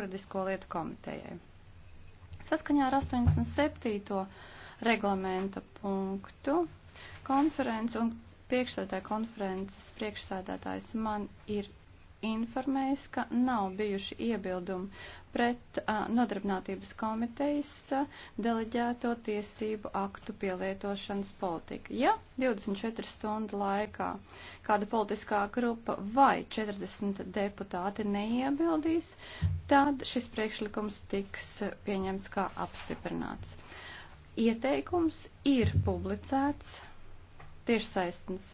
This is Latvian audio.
juridisko lietu komitejai. Saskaņā ar 87. reglamenta punktu konferences un priekšsēdētāja konferences priekšsēdētājs man ir informējis, ka nav bijuši iebildumi pret a, nodarbinātības komitejas a, deleģēto tiesību aktu pielietošanas politiku. Ja 24 stundu laikā kāda politiskā grupa vai 40 deputāti neiebildīs, tad šis priekšlikums tiks pieņemts kā apstiprināts. Ieteikums ir publicēts tiešsaistnes